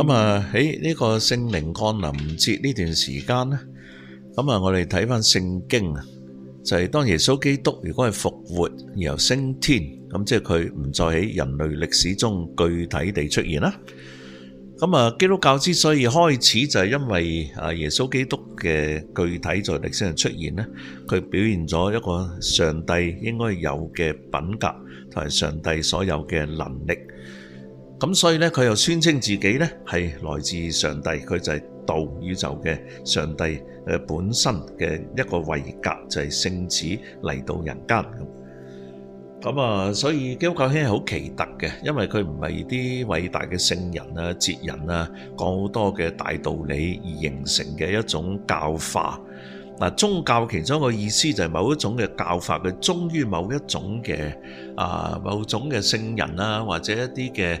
咁啊喺呢個聖靈降臨節呢段時間咧，咁啊我哋睇翻聖經啊，就係當耶穌基督如果係復活然後升天，咁即係佢唔再喺人類歷史中具體地出現啦。咁啊基督教之所以開始就係因為啊耶穌基督嘅具體在歷史上出現咧，佢表現咗一個上帝應該有嘅品格同埋上帝所有嘅能力。咁所以咧，佢又宣稱自己咧係來自上帝，佢就係道宇宙嘅上帝本身嘅一個位格，就係、是、聖子嚟到人間咁。咁、嗯、啊，所以基督教咧係好奇特嘅，因為佢唔係啲偉大嘅聖人啊、哲人啊講好多嘅大道理而形成嘅一種教法。嗱，宗教其中一個意思就係某一種嘅教法，佢忠於某一種嘅啊某種嘅聖人啊，或者一啲嘅。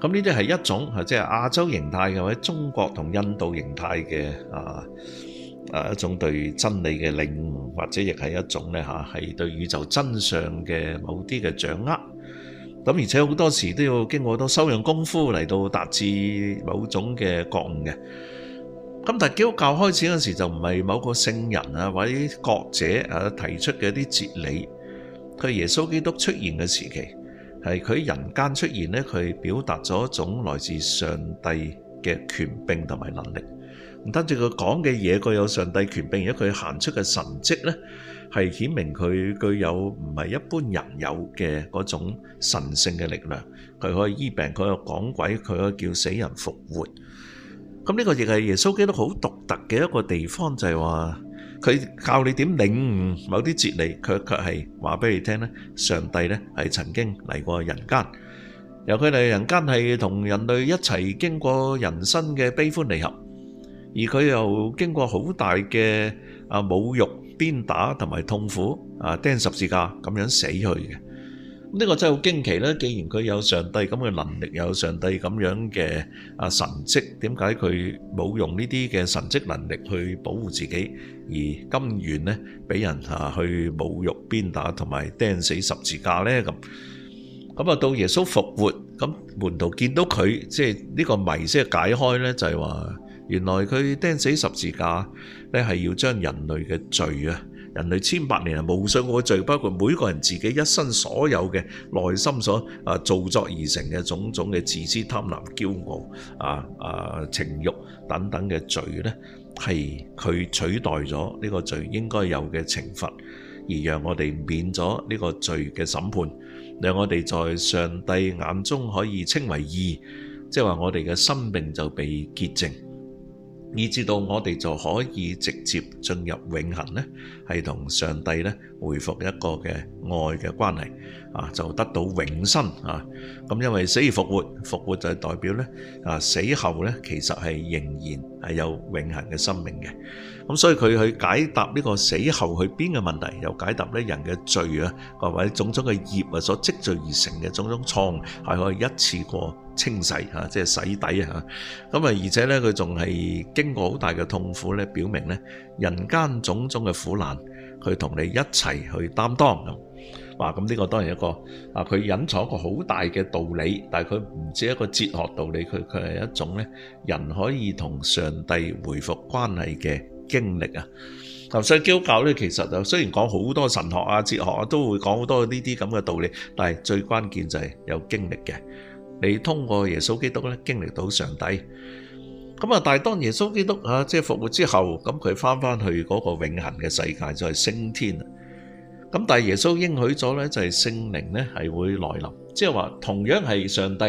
咁呢啲係一種，係即係亞洲形態嘅，或者中國同印度形態嘅，啊，誒一種對真理嘅領悟，或者亦係一種咧嚇，係對宇宙真相嘅某啲嘅掌握。咁而且好多時都要經過好多修養功夫嚟到達至某種嘅覺悟嘅。咁但係基督教開始嗰時就唔係某個聖人啊，或者覺者啊提出嘅啲哲理，佢係耶穌基督出現嘅時期。係佢人間出現咧，佢表達咗一種來自上帝嘅權柄同埋能力。跟住佢講嘅嘢，佢有上帝權柄，而且佢行出嘅神迹咧，係顯明佢具有唔係一般人有嘅嗰種神聖嘅力量。佢可以醫病，佢可以講鬼，佢可以叫死人復活。咁呢個亦係耶穌基督好獨特嘅一個地方，就係話。佢教你點領悟某啲哲理，佢卻係話俾你聽上帝咧，係曾經嚟過人間，由佢嚟人間係同人類一齊經過人生嘅悲歡離合，而佢又經過好大嘅啊侮辱、鞭打同埋痛苦，啊釘十字架咁樣死去嘅呢個真係好驚奇咧！既然佢有上帝咁嘅能力，有上帝咁樣嘅啊神蹟，點解佢冇用呢啲嘅神蹟能力去保護自己，而甘願咧俾人啊去侮辱、鞭打，同埋釘死十字架咧咁？咁啊到耶穌復活，咁門徒見到佢，即係呢個謎先係解開咧，就係話原來佢釘死十字架，咧係要將人類嘅罪啊！人類千百年嚟無數個罪，包括每個人自己一生所有嘅內心所啊造作而成嘅種種嘅自私貪婪、驕傲啊啊情慾等等嘅罪呢，係佢取代咗呢個罪應該有嘅懲罰，而讓我哋免咗呢個罪嘅審判，讓我哋在上帝眼中可以稱為義，即係話我哋嘅生命就被潔淨。以至到我哋就可以直接進入永恆呢，係同上帝呢回復一個嘅愛嘅關係。啊，就得到永生啊！咁因為死而復活，復活就係代表呢，啊死後呢其實係仍然係有永恒嘅生命嘅。咁所以佢去解答呢個死後去邊嘅問題，又解答呢人嘅罪啊，或或者種種嘅業啊所積聚而成嘅種種創係可以一次過清洗啊，即係洗底啊。咁啊而且呢，佢仲係經過好大嘅痛苦呢表明呢，人間種種嘅苦難，佢同你一齊去擔當。話咁呢個當然一個啊，佢隱藏一個好大嘅道理，但係佢唔止一個哲學道理，佢佢係一種咧人可以同上帝回復關係嘅經歷啊！咁所以基督教咧教，其實就雖然講好多神學啊、哲學啊，都會講好多呢啲咁嘅道理，但係最關鍵就係有經歷嘅。你通過耶穌基督咧，經歷到上帝。咁啊，但係當耶穌基督啊，即係復活之後，咁佢翻翻去嗰個永恆嘅世界，就係升天。咁但係耶穌應許咗咧，就係聖靈咧係會來臨，即係話同樣係上帝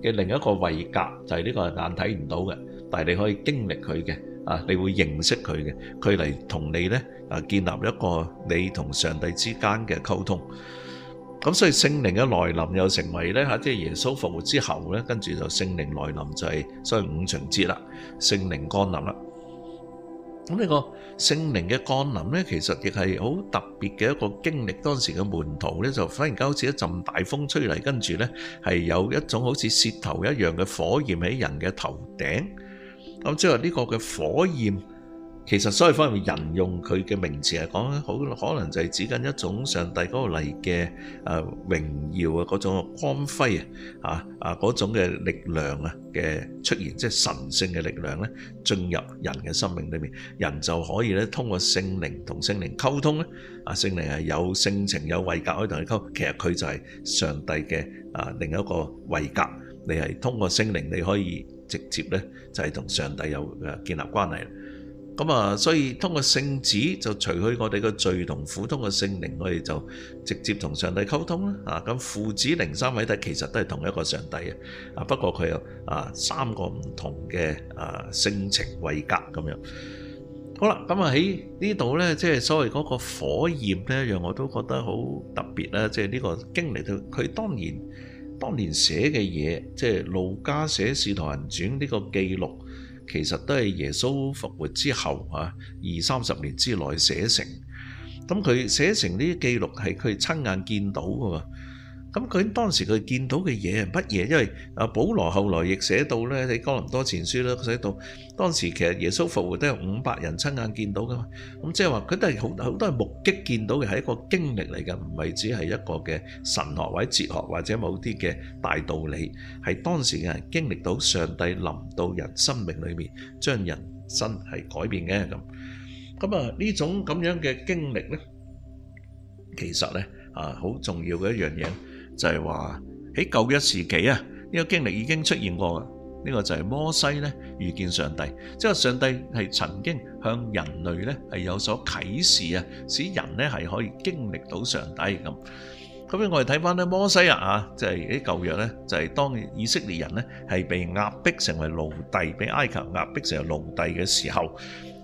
嘅另一個位格，就係呢個係眼睇唔到嘅，但係你可以經歷佢嘅，啊你會認識佢嘅，佢嚟同你咧啊建立一個你同上帝之間嘅溝通。咁所以聖靈嘅來臨又成為咧吓，即係耶穌復活之後咧，跟住就聖靈來臨就係所以五旬節啦，聖靈降臨啦。咁呢個聖靈嘅降臨咧，其實亦係好特別嘅一個經歷。當時嘅門徒咧，就忽然間好似一陣大風吹嚟，跟住咧係有一種好似舌頭一樣嘅火焰喺人嘅頭頂。咁即係話呢個嘅火焰。其實，所以方面人用佢嘅名詞嚟講，好可能就係指緊一種上帝嗰個嚟嘅誒榮耀啊，嗰種光輝啊，啊啊嗰種嘅力量啊嘅出現，即係神聖嘅力量咧進入人嘅生命裏面，人就可以咧通過聖靈同聖靈溝通咧。啊，聖靈係有性情、有位格可以同佢溝。其實佢就係上帝嘅啊另一個位格。你係通過聖靈，你可以直接咧就係同上帝有誒建立關係。咁啊，所以通過聖子，就除去我哋嘅罪同苦，通過聖靈，我哋就直接同上帝溝通啦。啊，咁父子靈三位帝其實都係同一個上帝啊，不過佢有啊三個唔同嘅啊性情位格咁樣。好啦，咁啊喺呢度呢，即係所謂嗰個火焰呢，讓我都覺得好特別啦。即係呢個經歷到佢當年當年寫嘅嘢，即係《路加寫使徒行傳》呢個記錄。其實都係耶穌復活之後啊，二三十年之內寫成。咁佢寫成啲記錄係佢親眼見到的。咁佢當時佢見到嘅嘢係乜嘢？因為啊，保羅後來亦寫到咧，喺哥林多前書咧，佢寫到當時其實耶穌復活都有五百人親眼見到㗎嘛。咁即係話佢都係好好多人目擊見到嘅，係一個經歷嚟嘅，唔係只係一個嘅神學或者哲學或者某啲嘅大道理，係當時嘅人經歷到上帝臨到人生命裏面，將人生係改變嘅咁。咁啊，呢種咁樣嘅經歷咧，其實咧啊，好重要嘅一樣嘢。就係話喺舊約時期啊，呢、這個經歷已經出現過，呢、這個就係摩西咧遇見上帝，即係上帝係曾經向人類咧係有所啟示啊，使人咧係可以經歷到上帝咁。咁樣我哋睇翻咧摩西啊，就係喺舊約咧，就係、是、當以色列人咧係被壓迫成為奴隸，俾埃及壓迫成為奴隸嘅時候。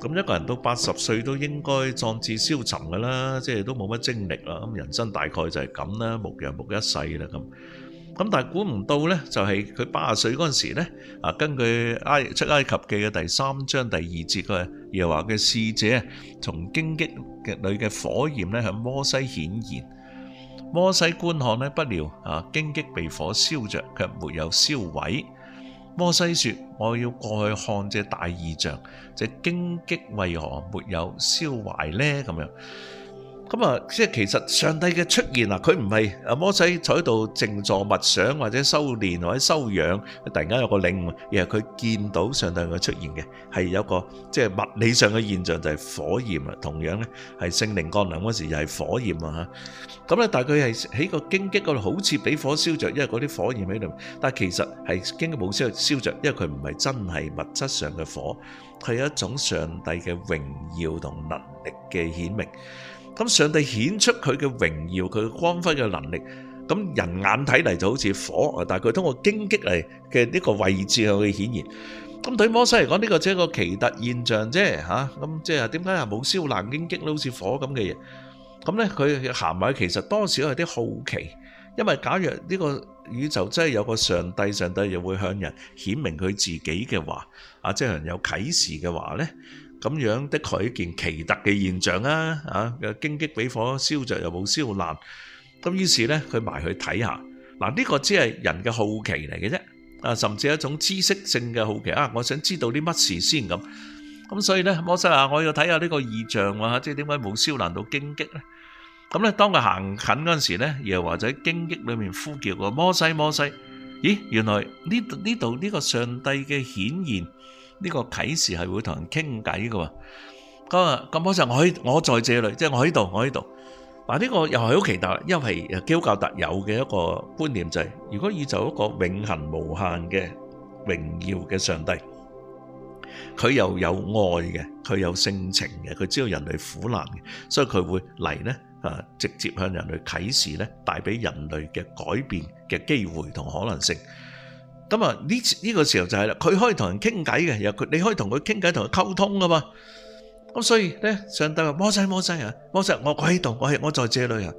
咁一個人到八十歲都應該壯志消沉嘅啦，即係都冇乜精力啦。咁人生大概就係咁啦，牧羊牧一世啦咁。咁但係估唔到咧，就係佢八十歲嗰陣時咧，啊根據阿出埃及記嘅第三章第二節嘅耶和華嘅使者啊，從荊棘嘅裏嘅火焰咧向摩西顯現，摩西觀看咧，不料啊荊棘被火燒著，卻沒有燒毀。摩西說：我要過去看這大異象，這荊棘為何沒有燒壞呢？咁樣。咁啊，即係其實上帝嘅出現啊，佢唔係阿摩西喺度靜坐默想或者修煉或者修養，突然間有個領悟，而係佢見到上帝嘅出現嘅，係有一個即係物理上嘅現象就係火焰啊，同樣咧，係聖靈降臨嗰時又係火焰啊吓，咁咧但係佢係喺個荊棘嗰度好似俾火燒着，因為嗰啲火焰喺度，但係其實係荊棘冇燒燒着，因為佢唔係真係物質上嘅火，係一種上帝嘅榮耀同能力嘅顯明。咁上帝顯出佢嘅榮耀，佢光輝嘅能力，咁人眼睇嚟就好似火啊！但係佢通過荊棘嚟嘅呢個位置去顯現。咁對摩西嚟講，呢、這個只係一個奇特現象啫吓，咁即係點解又冇燒爛荊棘咧？好似火咁嘅嘢。咁呢，佢行埋，其實多少有啲好奇，因為假若呢個宇宙真係有個上帝，上帝又會向人顯明佢自己嘅話，啊，即係有，有啟示嘅話呢。咁樣的確一件奇特嘅現象啊！啊，有荊棘俾火燒着又冇燒爛，咁於是咧佢埋去睇下。嗱、啊，呢、呢個只係人嘅好奇嚟嘅啫，啊，甚至一種知識性嘅好奇啊，我想知道啲乜事先咁。咁、啊、所以咧，摩西啊，我要睇下呢個異象啊，即係點解冇燒爛到荊棘咧？咁、啊、咧，當佢行近嗰陣時咧，又或者荊棘裏面呼叫個摩西，摩西，咦，原來呢呢度呢個上帝嘅顯現。呢個啟示係會同人傾偈嘅喎，佢咁我就我喺我在這裏，即係我喺度，我喺度。嗱呢個又係好期待，因為基督教特有嘅一個觀念就係，如果宇宙一個永恆無限嘅榮耀嘅上帝，佢又有愛嘅，佢有性情嘅，佢知道人類苦難嘅，所以佢會嚟呢，啊，直接向人類啟示呢，帶俾人類嘅改變嘅機會同可能性。咁啊呢呢個時候就係啦，佢可以同人傾偈嘅，又佢你可以同佢傾偈，同佢溝通噶嘛。咁所以咧，上帝話摩西，摩西啊，摩西，我喺度，我喺，我在這裏啊。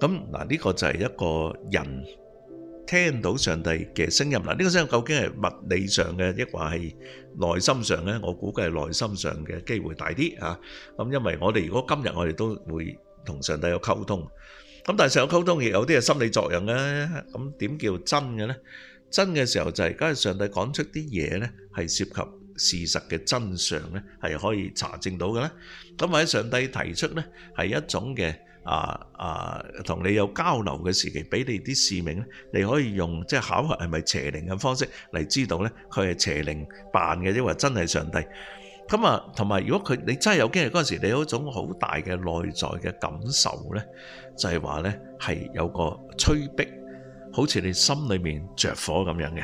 咁嗱，呢個就係一個人聽到上帝嘅聲音。嗱，呢個聲音究竟係物理上嘅，抑或係內心上咧？我估計係內心上嘅機會大啲啊。咁因為我哋如果今日我哋都會同上帝有溝通，咁但係上帝有溝通，亦有啲係心理作用嘅。咁點叫真嘅咧？真嘅時候就係、是，梗係上帝講出啲嘢咧，係涉及事實嘅真相咧，係可以查證到嘅咧。咁喺上帝提出咧，係一種嘅啊啊，同、啊、你有交流嘅時期，俾你啲使命咧，你可以用即係、就是、考核係咪邪靈嘅方式嚟知道咧，佢係邪靈扮嘅，亦或真係上帝。咁啊，同埋如果佢你真係有經歷嗰陣時，你有一種好大嘅內在嘅感受咧，就係話咧係有個催逼。好似你心裏面着火咁樣嘅，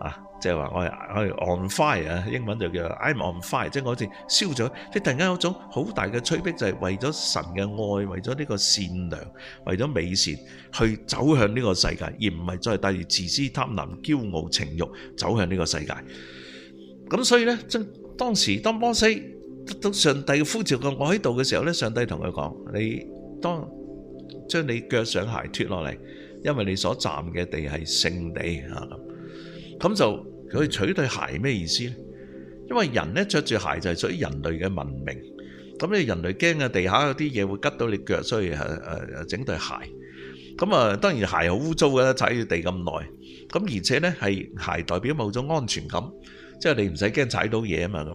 啊，即係話我係我係 on fire 啊，英文就叫 I'm on fire，即係我好似燒咗，即係突然間有一種好大嘅催逼，就係為咗神嘅愛，為咗呢個善良，為咗美善去走向呢個世界，而唔係再帶住自私貪婪、驕傲情慾走向呢個世界。咁所以咧，即當時當摩西得到上帝嘅呼召，個我喺度嘅時候咧，上帝同佢講：你當將你腳上鞋脫落嚟。因為你所站嘅地係聖地啊，咁就佢取對鞋咩意思咧？因為人咧著住鞋就係屬於人類嘅文明。咁你人類驚嘅地下嗰啲嘢會吉到你腳，所以係誒整對鞋。咁啊，當然鞋好污糟㗎，踩住地咁耐。咁而且咧係鞋代表某種安全感，即係你唔使驚踩到嘢啊嘛。咁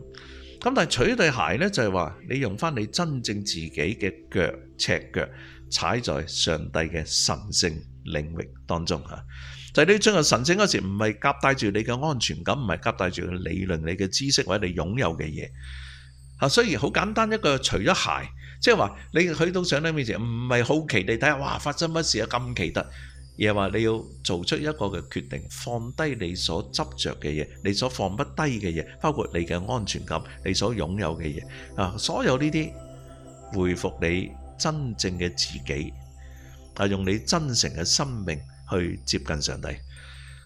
咁但係取對鞋咧就係話你用翻你真正自己嘅腳赤腳踩在上帝嘅神聖。領域當中嚇，就係你進入神聖嗰時，唔係夾帶住你嘅安全感，唔係夾帶住你嘅理論、你嘅知識或者你擁有嘅嘢嚇。雖然好簡單一個除咗鞋，即係話你去到上帝面前，唔係好奇地睇下哇發生乜事啊咁奇特，而係話你要做出一個嘅決定，放低你所執著嘅嘢，你所放不低嘅嘢，包括你嘅安全感，你所擁有嘅嘢啊，所有呢啲回復你真正嘅自己。係用你真誠嘅生命去接近上帝，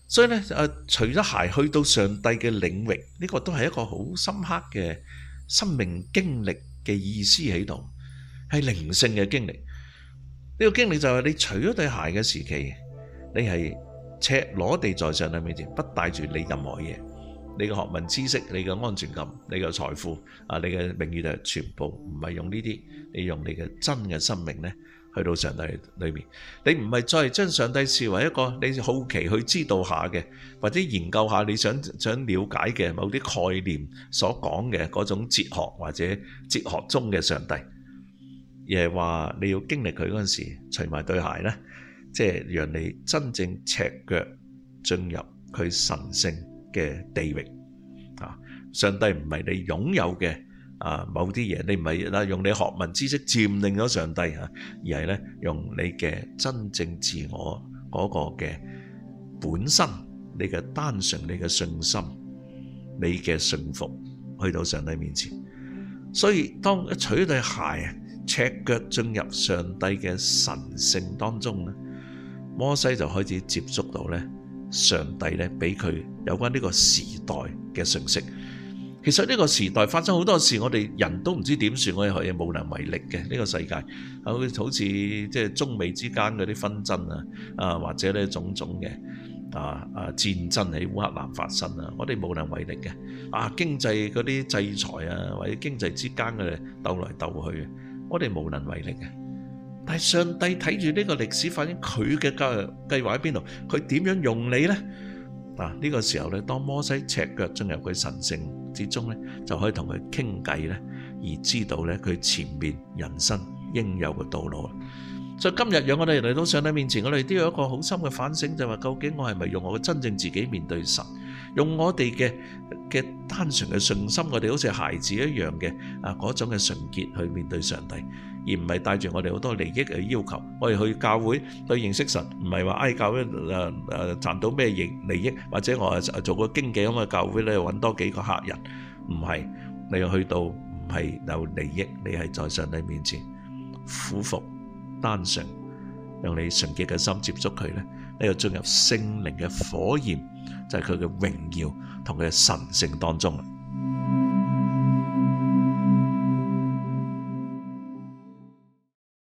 所以咧，誒，除咗鞋去到上帝嘅領域，呢個都係一個好深刻嘅生命經歷嘅意思喺度，係靈性嘅經歷。呢個經歷就係你除咗對鞋嘅時期，你係赤裸地在上帝面前，不帶住你任何嘢，你嘅學問知識、你嘅安全感、你嘅財富啊、你嘅名譽啊，就全部唔係用呢啲，你用你嘅真嘅生命呢。去到上帝裏面，你唔係再將上帝視為一個你好奇去知道下嘅，或者研究下你想想了解嘅某啲概念所講嘅嗰種哲學或者哲學中嘅上帝，而係話你要經歷佢嗰陣時，除埋對鞋咧，即係讓你真正赤腳進入佢神聖嘅地域。啊，上帝唔係你擁有嘅。啊，某啲嘢你唔係啦，用你學問知識佔領咗上帝啊，而係咧用你嘅真正自我嗰個嘅本身，你嘅單純，你嘅信心，你嘅信服，去到上帝面前。所以當一取對鞋，赤腳進入上帝嘅神聖當中咧，摩西就開始接觸到咧，上帝咧俾佢有關呢個時代嘅信息。其實呢個時代發生好多事，我哋人都唔知點算，我哋係無能為力嘅。呢個世界，好好似即係中美之間嗰啲紛爭啊，啊或者咧種種嘅啊啊戰爭喺烏克蘭發生啊，我哋無能為力嘅啊，經濟嗰啲制裁啊，或者經濟之間嘅鬥來鬥去，我哋無能為力嘅。但係上帝睇住呢個歷史發展，佢嘅計計劃喺邊度？佢點樣用你咧？啊呢個時候咧，當摩西赤腳進入佢神聖。之中咧，就可以同佢傾偈咧，而知道咧佢前面人生應有嘅道路。所以今日讓我哋，我哋嚟到上帝面前，我哋都有一個好深嘅反省，就係話究竟我係咪用我嘅真正自己面對神？用我哋嘅嘅單純嘅信心，我哋好似孩子一樣嘅啊嗰種嘅純潔去面對上帝，而唔係帶住我哋好多利益去要求。我哋去教會去認識神，唔係話哎教會誒誒賺到咩利利益，或者我誒做個經紀咁，啊教會咧揾多幾個客人。唔係你去到唔係有利益，你係在上帝面前俯伏單純，用你純潔嘅心接觸佢咧。你又進入聖靈嘅火焰，就係佢嘅榮耀同佢嘅神聖當中。